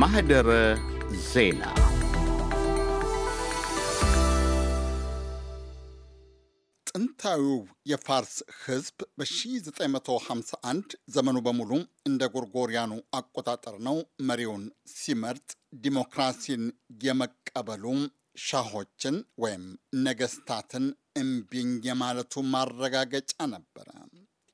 ማህደረ ዜና ጥንታዊው የፋርስ ህዝብ በ1951 ዘመኑ በሙሉ እንደ ጎርጎሪያኑ አቆጣጠር ነው። መሪውን ሲመርጥ ዲሞክራሲን የመቀበሉ ሻሆችን ወይም ነገስታትን እምቢኝ የማለቱ ማረጋገጫ ነበረ።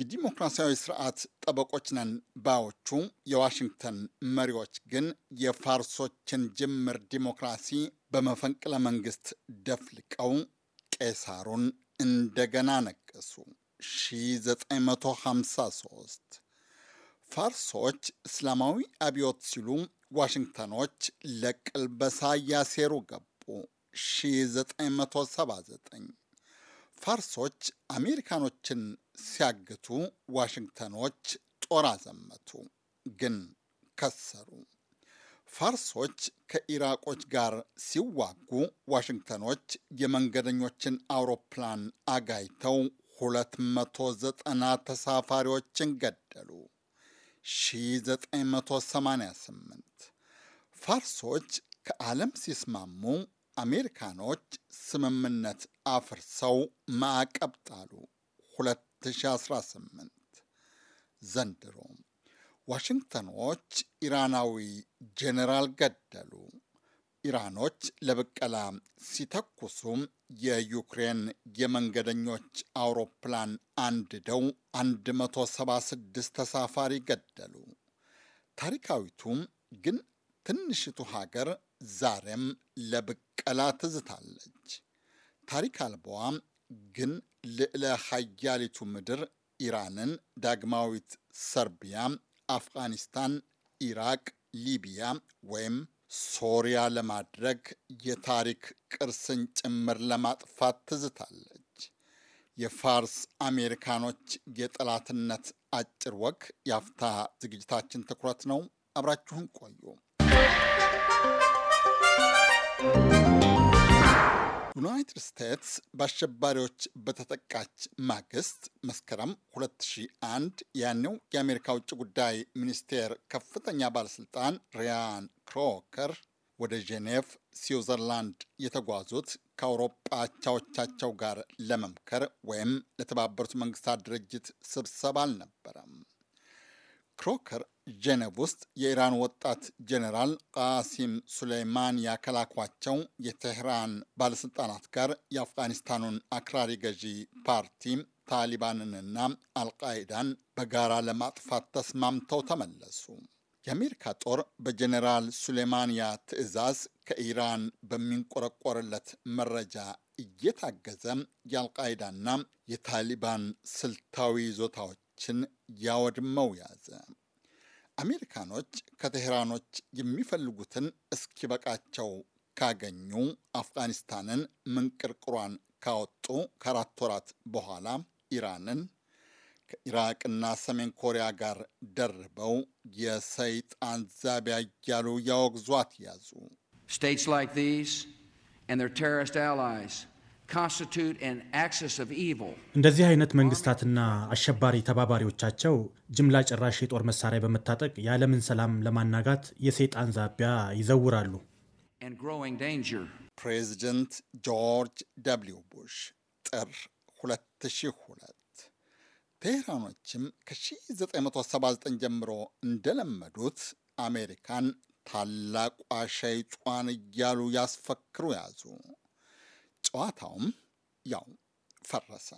የዲሞክራሲያዊ ስርዓት ጠበቆች ነን ባዮቹ የዋሽንግተን መሪዎች ግን የፋርሶችን ጅምር ዲሞክራሲ በመፈንቅለ መንግስት ደፍልቀው ቄሳሩን እንደገና ነቀሱ። 1953 ፋርሶች እስላማዊ አብዮት ሲሉ ዋሽንግተኖች ለቅልበሳ እያሴሩ ገቡ። 1979 ፋርሶች አሜሪካኖችን ሲያግቱ ዋሽንግተኖች ጦር አዘመቱ፣ ግን ከሰሩ። ፋርሶች ከኢራቆች ጋር ሲዋጉ ዋሽንግተኖች የመንገደኞችን አውሮፕላን አጋይተው 290 ተሳፋሪዎችን ገደሉ። 1988 ፋርሶች ከዓለም ሲስማሙ አሜሪካኖች ስምምነት አፍርሰው ማዕቀብ ጣሉ። 2018 ዘንድሮ ዋሽንግተኖች ኢራናዊ ጄኔራል ገደሉ። ኢራኖች ለብቀላ ሲተኩሱ የዩክሬን የመንገደኞች አውሮፕላን አንድደው 176 ተሳፋሪ ገደሉ። ታሪካዊቱም ግን ትንሽቱ ሀገር ዛሬም ለብቀላ ትዝታለች። ታሪክ አልባዋ ግን ልዕለ ሀያሊቱ ምድር ኢራንን፣ ዳግማዊት ሰርቢያ፣ አፍጋኒስታን፣ ኢራቅ፣ ሊቢያ ወይም ሶሪያ ለማድረግ የታሪክ ቅርስን ጭምር ለማጥፋት ትዝታለች። የፋርስ አሜሪካኖች የጠላትነት አጭር ወግ የአፍታ ዝግጅታችን ትኩረት ነው። አብራችሁን ቆዩ። ዩናይትድ ስቴትስ በአሸባሪዎች በተጠቃች ማግስት መስከረም 2001 ያኔው የአሜሪካ ውጭ ጉዳይ ሚኒስቴር ከፍተኛ ባለስልጣን ሪያን ክሮከር ወደ ጄኔቭ ስዊዘርላንድ የተጓዙት ከአውሮጳ አቻዎቻቸው ጋር ለመምከር ወይም ለተባበሩት መንግስታት ድርጅት ስብሰባ አልነበረም። ክሮከር ጀነቭ ውስጥ የኢራን ወጣት ጀኔራል ቃሲም ሱሌይማን ያከላኳቸው የቴህራን ባለስልጣናት ጋር የአፍጋኒስታኑን አክራሪ ገዢ ፓርቲ ታሊባንንና አልቃይዳን በጋራ ለማጥፋት ተስማምተው ተመለሱ። የአሜሪካ ጦር በጀኔራል ሱሌማንያ ትዕዛዝ ከኢራን በሚንቆረቆርለት መረጃ እየታገዘ የአልቃይዳና የታሊባን ስልታዊ ይዞታዎች ሰዎችን ያወድመው ያዘ። አሜሪካኖች ከቴህራኖች የሚፈልጉትን እስኪበቃቸው ካገኙ አፍጋኒስታንን ምንቅርቅሯን ካወጡ ከአራት ወራት በኋላ ኢራንን ከኢራቅና ሰሜን ኮሪያ ጋር ደርበው የሰይጣን ዛቢያ እያሉ ያወግዟት ያዙ። States like these and their terrorist allies እንደዚህ አይነት መንግስታትና አሸባሪ ተባባሪዎቻቸው ጅምላ ጨራሽ የጦር መሳሪያ በመታጠቅ የዓለምን ሰላም ለማናጋት የሰይጣን ዛቢያ ይዘውራሉ። ፕሬዚደንት ጆርጅ ደብሊው ቡሽ ጥር 2002 ቴህራኖችም ከ1979 ጀምሮ እንደለመዱት አሜሪካን ታላቋ ሸይጧን እያሉ ያስፈክሩ ያዙ። ጨዋታውም ያው ፈረሰ።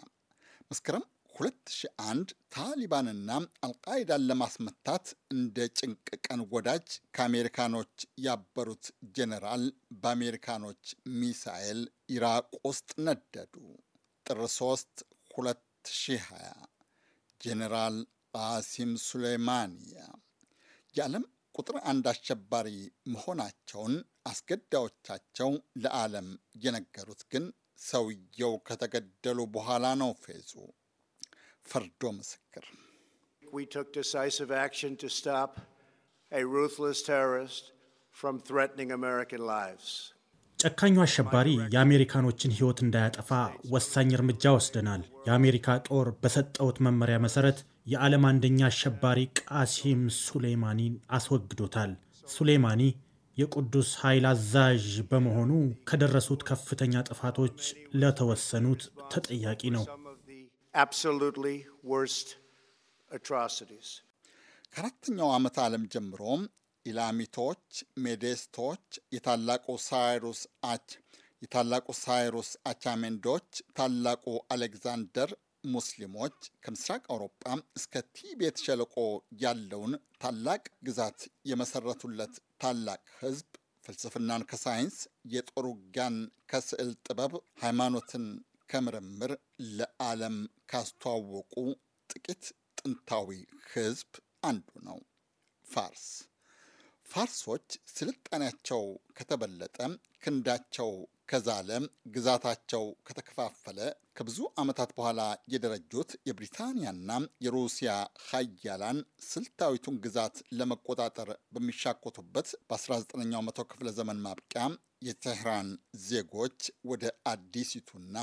መስከረም 2001 ታሊባንና አልቃይዳን ለማስመታት እንደ ጭንቅ ቀን ወዳጅ ከአሜሪካኖች ያበሩት ጄኔራል በአሜሪካኖች ሚሳኤል ኢራቅ ውስጥ ነደዱ። ጥር 3 2020 ጄኔራል ቃሲም ሱሌማኒያ የዓለም ቁጥር አንድ አሸባሪ መሆናቸውን አስገዳዮቻቸው ለዓለም የነገሩት ግን ሰውየው ከተገደሉ በኋላ ነው። ፌዙ ፈርዶ ምስክር ጨካኙ አሸባሪ የአሜሪካኖችን ሕይወት እንዳያጠፋ ወሳኝ እርምጃ ወስደናል። የአሜሪካ ጦር በሰጠውት መመሪያ መሰረት የዓለም አንደኛ አሸባሪ ቃሲም ሱሌማኒን አስወግዶታል። ሱሌማኒ የቅዱስ ኃይል አዛዥ በመሆኑ ከደረሱት ከፍተኛ ጥፋቶች ለተወሰኑት ተጠያቂ ነው። ከአራተኛው ዓመት ዓለም ጀምሮም ኢላሚቶች፣ ሜዴስቶች፣ የታላቁ ሳይሩስ አች የታላቁ ሳይሩስ አቻሜንዶች፣ ታላቁ አሌክዛንደር ሙስሊሞች ከምስራቅ አውሮጳ እስከ ቲቤት ሸለቆ ያለውን ታላቅ ግዛት የመሰረቱለት ታላቅ ህዝብ ፍልስፍናን ከሳይንስ፣ የጦር ውጊያን ከስዕል ጥበብ፣ ሃይማኖትን ከምርምር ለዓለም ካስተዋወቁ ጥቂት ጥንታዊ ህዝብ አንዱ ነው። ፋርስ ፋርሶች ስልጣኔያቸው ከተበለጠ፣ ክንዳቸው ከዛለ፣ ግዛታቸው ከተከፋፈለ ከብዙ ዓመታት በኋላ የደረጁት የብሪታንያና የሩሲያ ሀያላን ስልታዊቱን ግዛት ለመቆጣጠር በሚሻኮቱበት በ19ኛው መቶ ክፍለ ዘመን ማብቂያ የቴህራን ዜጎች ወደ አዲሲቱና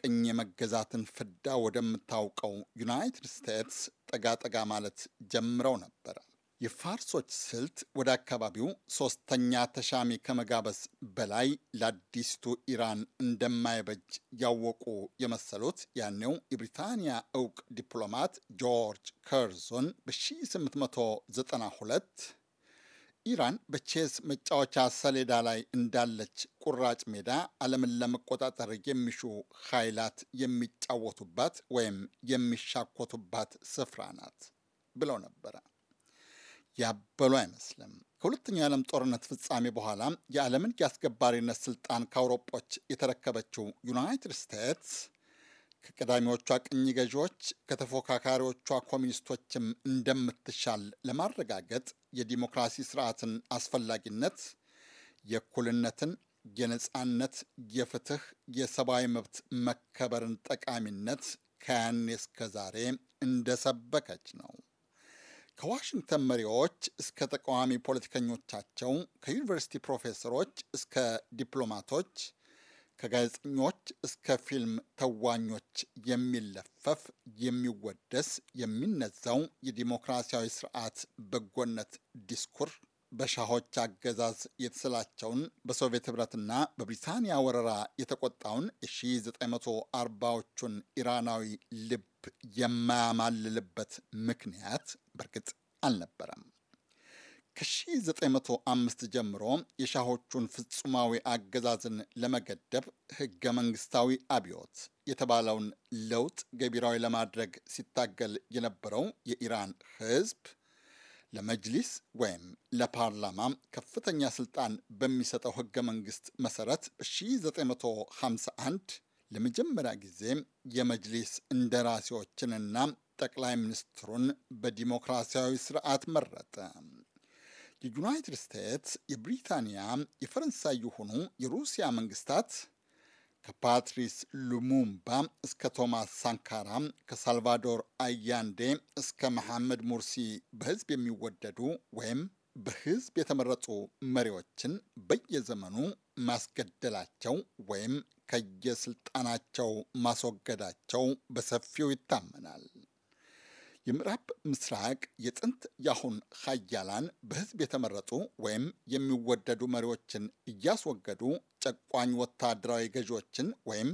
ቅኝ የመገዛትን ፍዳ ወደምታውቀው ዩናይትድ ስቴትስ ጠጋጠጋ ማለት ጀምረው ነበር የፋርሶች ስልት ወደ አካባቢው ሶስተኛ ተሻሚ ከመጋበዝ በላይ ለአዲስቱ ኢራን እንደማይበጅ ያወቁ የመሰሉት ያኔው የብሪታንያ እውቅ ዲፕሎማት ጆርጅ ከርዞን በ1892 ኢራን በቼዝ መጫወቻ ሰሌዳ ላይ እንዳለች ቁራጭ ሜዳ ዓለምን ለመቆጣጠር የሚሹ ኃይላት የሚጫወቱባት ወይም የሚሻኮቱባት ስፍራ ናት ብለው ነበረ። ያበሉ አይመስልም። ከሁለተኛው የዓለም ጦርነት ፍጻሜ በኋላ የዓለምን የአስገባሪነት ስልጣን ከአውሮጶች የተረከበችው ዩናይትድ ስቴትስ ከቀዳሚዎቿ ቅኝ ገዢዎች ከተፎካካሪዎቿ ኮሚኒስቶችም እንደምትሻል ለማረጋገጥ የዲሞክራሲ ስርዓትን አስፈላጊነት፣ የእኩልነትን፣ የነፃነት፣ የፍትህ፣ የሰብአዊ መብት መከበርን ጠቃሚነት ከያኔ እስከ ዛሬ እንደሰበከች ነው። ከዋሽንግተን መሪዎች እስከ ተቃዋሚ ፖለቲከኞቻቸው፣ ከዩኒቨርሲቲ ፕሮፌሰሮች እስከ ዲፕሎማቶች፣ ከጋዜጠኞች እስከ ፊልም ተዋኞች የሚለፈፍ የሚወደስ የሚነዛው የዲሞክራሲያዊ ስርዓት በጎነት ዲስኩር በሻሆች አገዛዝ የተሰላቸውን በሶቪየት ህብረትና በብሪታንያ ወረራ የተቆጣውን የ1940ዎቹን ኢራናዊ ልብ የማያማልልበት ምክንያት በእርግጥ አልነበረም። ከ1905 ጀምሮ የሻሆቹን ፍጹማዊ አገዛዝን ለመገደብ ህገ መንግስታዊ አብዮት የተባለውን ለውጥ ገቢራዊ ለማድረግ ሲታገል የነበረው የኢራን ህዝብ ለመጅሊስ ወይም ለፓርላማ ከፍተኛ ስልጣን በሚሰጠው ህገ መንግስት መሰረት 1951 ለመጀመሪያ ጊዜ የመጅሊስ እንደራሴዎችንና ጠቅላይ ሚኒስትሩን በዲሞክራሲያዊ ስርዓት መረጠ። የዩናይትድ ስቴትስ፣ የብሪታንያ፣ የፈረንሳይ የሆኑ የሩሲያ መንግስታት ከፓትሪስ ሉሙምባ እስከ ቶማስ ሳንካራ ከሳልቫዶር አያንዴ እስከ መሐመድ ሙርሲ በህዝብ የሚወደዱ ወይም በህዝብ የተመረጡ መሪዎችን በየዘመኑ ማስገደላቸው ወይም ከየስልጣናቸው ማስወገዳቸው በሰፊው ይታመናል። የምዕራብ ምስራቅ የጥንት ያሁን ሀያላን በህዝብ የተመረጡ ወይም የሚወደዱ መሪዎችን እያስወገዱ ጨቋኝ ወታደራዊ ገዢዎችን ወይም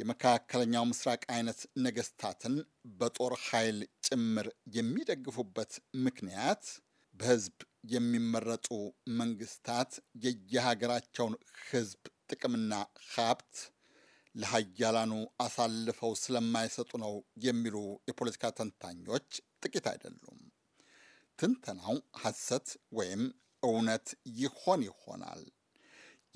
የመካከለኛው ምስራቅ አይነት ነገስታትን በጦር ኃይል ጭምር የሚደግፉበት ምክንያት በህዝብ የሚመረጡ መንግስታት የየሀገራቸውን ህዝብ ጥቅምና ሀብት ለሀያላኑ አሳልፈው ስለማይሰጡ ነው የሚሉ የፖለቲካ ተንታኞች ጥቂት አይደሉም። ትንተናው ሐሰት ወይም እውነት ይሆን ይሆናል።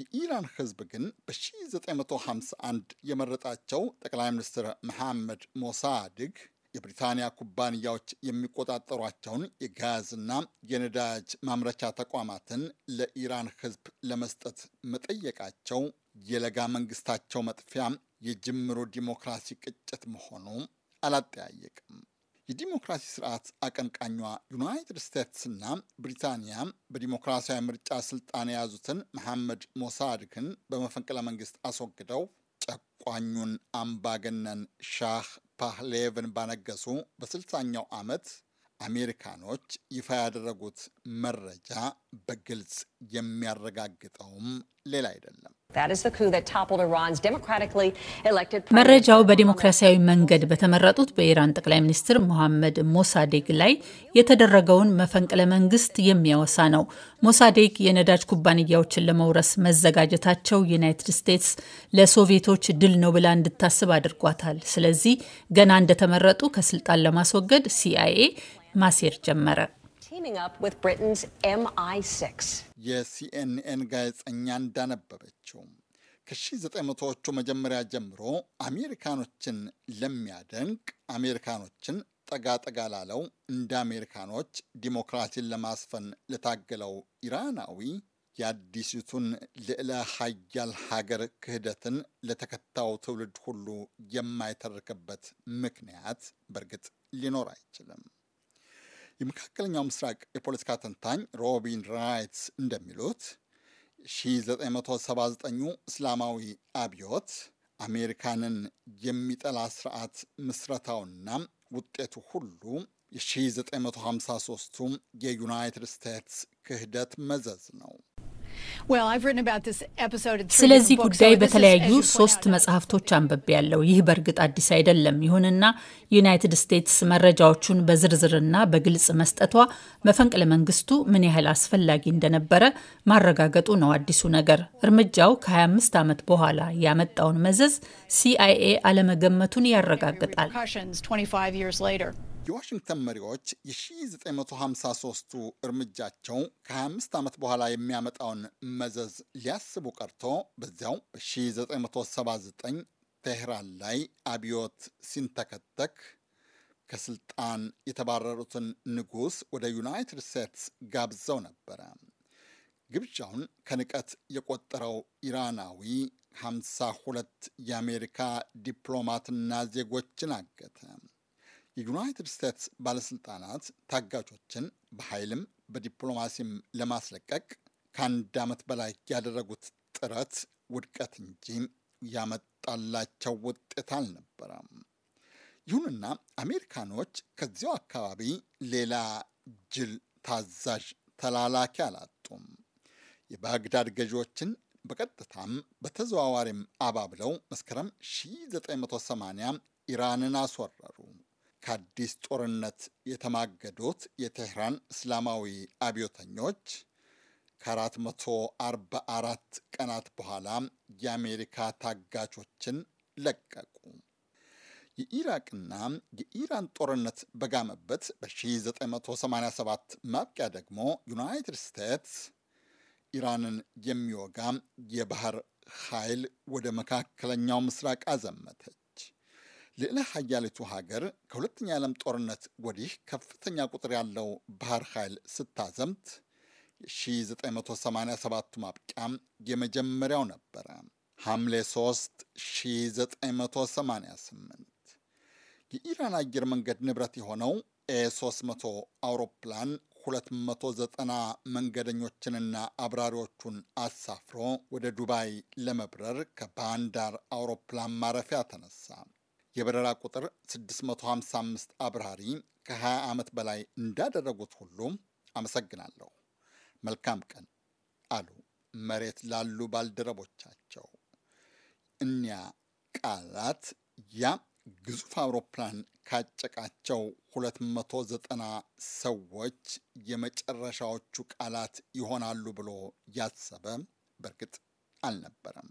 የኢራን ሕዝብ ግን በ1951 የመረጣቸው ጠቅላይ ሚኒስትር መሐመድ ሞሳድግ የብሪታንያ ኩባንያዎች የሚቆጣጠሯቸውን የጋዝና የነዳጅ ማምረቻ ተቋማትን ለኢራን ሕዝብ ለመስጠት መጠየቃቸው የለጋ መንግስታቸው መጥፊያ የጅምሮ ዲሞክራሲ ቅጭት መሆኑ አላጠያየቅም። የዲሞክራሲ ስርዓት አቀንቃኟ ዩናይትድ ስቴትስና ብሪታንያ በዲሞክራሲያዊ ምርጫ ስልጣን የያዙትን መሐመድ ሞሳድክን በመፈንቅለ መንግስት አስወግደው ጨቋኙን አምባገነን ሻህ ፓህሌቭን ባነገሱ በስልሳኛው ዓመት አሜሪካኖች ይፋ ያደረጉት መረጃ በግልጽ የሚያረጋግጠውም ሌላ አይደለም። መረጃው በዲሞክራሲያዊ መንገድ በተመረጡት በኢራን ጠቅላይ ሚኒስትር ሞሐመድ ሞሳዴግ ላይ የተደረገውን መፈንቅለ መንግስት የሚያወሳ ነው። ሞሳዴግ የነዳጅ ኩባንያዎችን ለመውረስ መዘጋጀታቸው ዩናይትድ ስቴትስ ለሶቪየቶች ድል ነው ብላ እንድታስብ አድርጓታል። ስለዚህ ገና እንደተመረጡ ከስልጣን ለማስወገድ ሲአይኤ ማሴር ጀመረ። የሲኤንኤን ጋዜጠኛ እንዳነበበችው ከ1900ዎቹ መጀመሪያ ጀምሮ አሜሪካኖችን ለሚያደንቅ አሜሪካኖችን ጠጋጠጋ ላለው እንደ አሜሪካኖች ዲሞክራሲን ለማስፈን ለታገለው ኢራናዊ የአዲሲቱን ልዕለ ሀያል ሀገር ክህደትን ለተከታው ትውልድ ሁሉ የማይተርክበት ምክንያት በእርግጥ ሊኖር አይችልም። የመካከለኛው ምስራቅ የፖለቲካ ተንታኝ ሮቢን ራይት እንደሚሉት 1979 እስላማዊ አብዮት አሜሪካንን የሚጠላ ስርዓት ምስረታውና ውጤቱ ሁሉ የ1953ቱ የዩናይትድ ስቴትስ ክህደት መዘዝ ነው። ስለዚህ ጉዳይ በተለያዩ ሶስት መጽሐፍቶች አንብቤ ያለው ይህ በእርግጥ አዲስ አይደለም። ይሁንና ዩናይትድ ስቴትስ መረጃዎቹን በዝርዝርና በግልጽ መስጠቷ መፈንቅለ መንግስቱ ምን ያህል አስፈላጊ እንደነበረ ማረጋገጡ ነው አዲሱ ነገር። እርምጃው ከ25 ዓመት በኋላ ያመጣውን መዘዝ ሲአይኤ አለመገመቱን ያረጋግጣል። የዋሽንግተን መሪዎች የ1953ቱ እርምጃቸው ከ25 ዓመት በኋላ የሚያመጣውን መዘዝ ሊያስቡ ቀርቶ በዚያው በ1979 ቴህራን ላይ አብዮት ሲንተከተክ ከስልጣን የተባረሩትን ንጉሥ ወደ ዩናይትድ ስቴትስ ጋብዘው ነበረ። ግብዣውን ከንቀት የቆጠረው ኢራናዊ 52 የአሜሪካ ዲፕሎማትና ዜጎችን አገተ። የዩናይትድ ስቴትስ ባለስልጣናት ታጋቾችን በኃይልም በዲፕሎማሲም ለማስለቀቅ ከአንድ ዓመት በላይ ያደረጉት ጥረት ውድቀት እንጂ ያመጣላቸው ውጤት አልነበረም። ይሁንና አሜሪካኖች ከዚያው አካባቢ ሌላ ጅል ታዛዥ ተላላኪ አላጡም። የባግዳድ ገዢዎችን በቀጥታም በተዘዋዋሪም አባብለው መስከረም 1980 ኢራንን አስወረሩ። ከአዲስ ጦርነት የተማገዱት የቴህራን እስላማዊ አብዮተኞች ከ444 ቀናት በኋላ የአሜሪካ ታጋቾችን ለቀቁ። የኢራቅና የኢራን ጦርነት በጋመበት በ1987 ማብቂያ ደግሞ ዩናይትድ ስቴትስ ኢራንን የሚወጋ የባህር ኃይል ወደ መካከለኛው ምስራቅ አዘመተች። ልዕለ ሀያሊቱ ሀገር ከሁለተኛ የዓለም ጦርነት ወዲህ ከፍተኛ ቁጥር ያለው ባህር ኃይል ስታዘምት 1987 ቱ ማብቂያ የመጀመሪያው ነበረ። ሐምሌ 3 1988 የኢራን አየር መንገድ ንብረት የሆነው ኤ300 አውሮፕላን 290 መንገደኞችንና አብራሪዎቹን አሳፍሮ ወደ ዱባይ ለመብረር ከባንዳር አውሮፕላን ማረፊያ ተነሳ። የበረራ ቁጥር 655 አብራሪ ከ20 ዓመት በላይ እንዳደረጉት ሁሉ አመሰግናለሁ፣ መልካም ቀን አሉ መሬት ላሉ ባልደረቦቻቸው። እኒያ ቃላት ያ ግዙፍ አውሮፕላን ካጨቃቸው 290 ሰዎች የመጨረሻዎቹ ቃላት ይሆናሉ ብሎ ያሰበ በእርግጥ አልነበረም።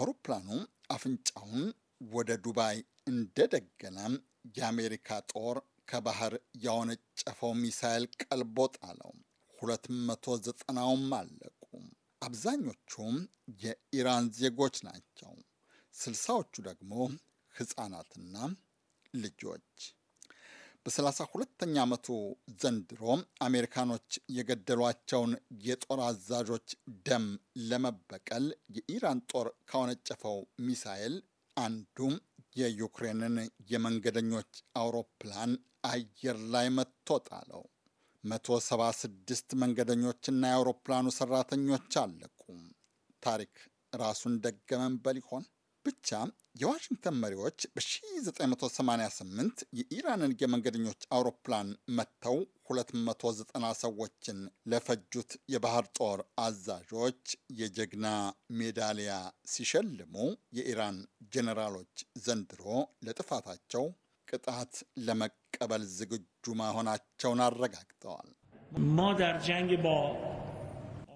አውሮፕላኑ አፍንጫውን ወደ ዱባይ እንደደገናም የአሜሪካ ጦር ከባህር ያወነጨፈው ሚሳይል ቀልቦ ጣለው። ዘጠናውም አለቁ። አብዛኞቹም የኢራን ዜጎች ናቸው። ስልሳዎቹ ደግሞ ህጻናትና ልጆች። በሰላሳ ሁለተኛ ዓመቱ ዘንድሮ አሜሪካኖች የገደሏቸውን የጦር አዛዦች ደም ለመበቀል የኢራን ጦር ካወነጨፈው ሚሳኤል አንዱም የዩክሬንን የመንገደኞች አውሮፕላን አየር ላይ መትቶ ጣለው። 176 መንገደኞችና የአውሮፕላኑ ሰራተኞች አለቁ። ታሪክ ራሱን ደገመን በል ይሆን? ብቻ የዋሽንግተን መሪዎች በ1988 የኢራንን የመንገደኞች አውሮፕላን መጥተው 290 ሰዎችን ለፈጁት የባህር ጦር አዛዦች የጀግና ሜዳሊያ ሲሸልሙ የኢራን ጄኔራሎች ዘንድሮ ለጥፋታቸው ቅጣት ለመቀበል ዝግጁ መሆናቸውን አረጋግጠዋል።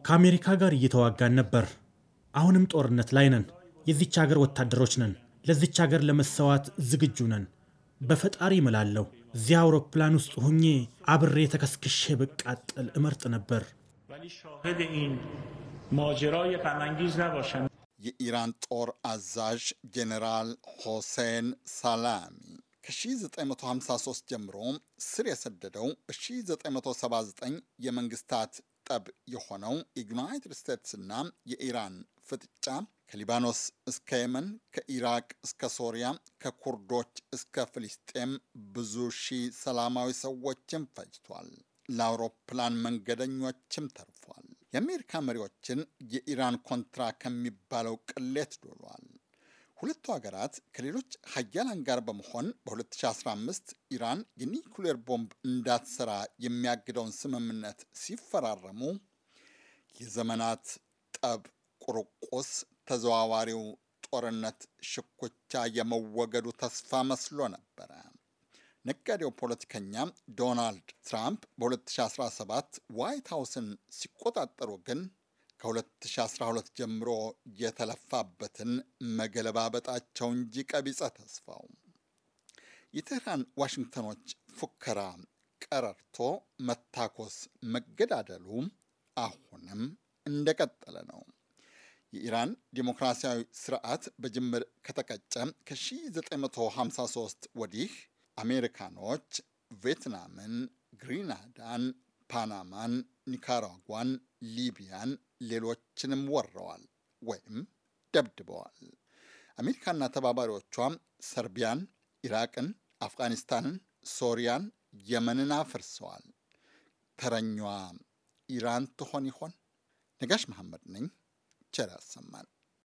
ከአሜሪካ ጋር እየተዋጋን ነበር። አሁንም ጦርነት ላይ ነን። የዚች ሀገር ወታደሮች ነን። ለዚች ሀገር ለመሰዋት ዝግጁ ነን። በፈጣሪ እምላለሁ እዚያ አውሮፕላን ውስጥ ሁኜ አብሬ ተከስክሼ ብቃጠል እመርጥ ነበር። የኢራን ጦር አዛዥ ጄኔራል ሆሴን ሳላሚ ከ1953 ጀምሮ ስር የሰደደው በ 1979 የመንግስታት ጠብ የሆነው የዩናይትድ ስቴትስና የኢራን ፍጥጫ ከሊባኖስ እስከ የመን፣ ከኢራቅ እስከ ሶሪያ፣ ከኩርዶች እስከ ፍልስጤም ብዙ ሺህ ሰላማዊ ሰዎችን ፈጅቷል። ለአውሮፕላን መንገደኞችም ተርፏል። የአሜሪካ መሪዎችን የኢራን ኮንትራ ከሚባለው ቅሌት ዶሏል። ሁለቱ ሀገራት ከሌሎች ሀያላን ጋር በመሆን በ2015 ኢራን የኒኩሌር ቦምብ እንዳትሰራ የሚያግደውን ስምምነት ሲፈራረሙ የዘመናት ጠብ ቁርቁስ ተዘዋዋሪው ጦርነት ሽኩቻ የመወገዱ ተስፋ መስሎ ነበረ። ነጋዴው ፖለቲከኛ ዶናልድ ትራምፕ በ2017 ዋይት ሀውስን ሲቆጣጠሩ ግን ከ2012 ጀምሮ የተለፋበትን መገለባበጣቸው እንጂ ቀቢጸ ተስፋው የቴህራን ዋሽንግተኖች ፉከራ ቀረርቶ መታኮስ መገዳደሉ አሁንም እንደቀጠለ ነው። የኢራን ዲሞክራሲያዊ ስርዓት በጅምር ከተቀጨ ከ1953 ወዲህ አሜሪካኖች ቪየትናምን፣ ግሪናዳን፣ ፓናማን፣ ኒካራጓን፣ ሊቢያን፣ ሌሎችንም ወረዋል ወይም ደብድበዋል። አሜሪካና ተባባሪዎቿ ሰርቢያን፣ ኢራቅን፣ አፍጋኒስታንን፣ ሶሪያን፣ የመንን አፍርሰዋል። ተረኛዋ ኢራን ትሆን ይሆን? ነጋሽ መሐመድ ነኝ። Chera Samman.